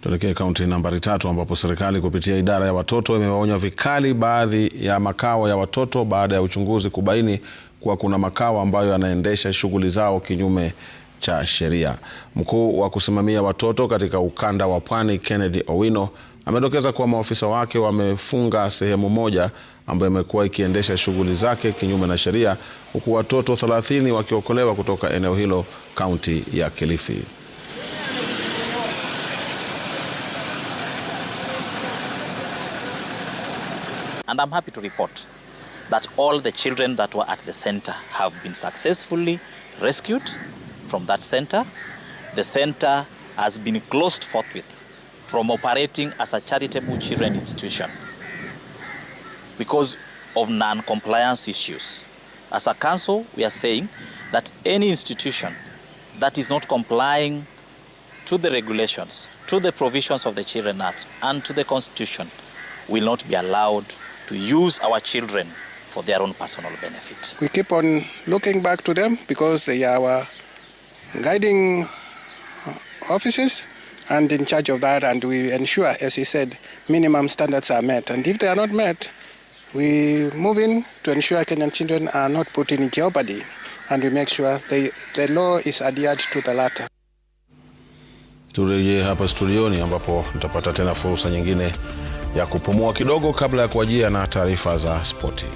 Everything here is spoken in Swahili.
Tuelekee kaunti nambari tatu ambapo serikali kupitia idara ya watoto imewaonya vikali baadhi ya makao ya watoto baada ya uchunguzi kubaini kuwa kuna makao ambayo yanaendesha shughuli zao kinyume cha sheria. Mkuu wa kusimamia watoto katika ukanda wa Pwani, Kennedy Owino, amedokeza kuwa maofisa wake wamefunga sehemu moja ambayo imekuwa ikiendesha shughuli zake kinyume na sheria, huku watoto 30 wakiokolewa kutoka eneo hilo kaunti ya Kilifi. And I'm happy to report that all the children that were at the center have been successfully rescued from that center. The center has been closed forthwith from operating as a charitable children institution because of non-compliance issues. As a council, we are saying that any institution that is not complying to the regulations, to the provisions of the Children Act and to the Constitution will not be allowed to use our children for their own personal benefit. We keep on looking back to them because they are our guiding offices and in charge of that and we ensure, as he said, minimum standards are met. And if they are not met, we move in to ensure Kenyan children are not put in jeopardy and we make sure they, the law is adhered to the latter. Turejee hapa studioni ambapo nitapata tena fursa nyingine ya kupumua kidogo kabla ya kuajia na taarifa za spoti.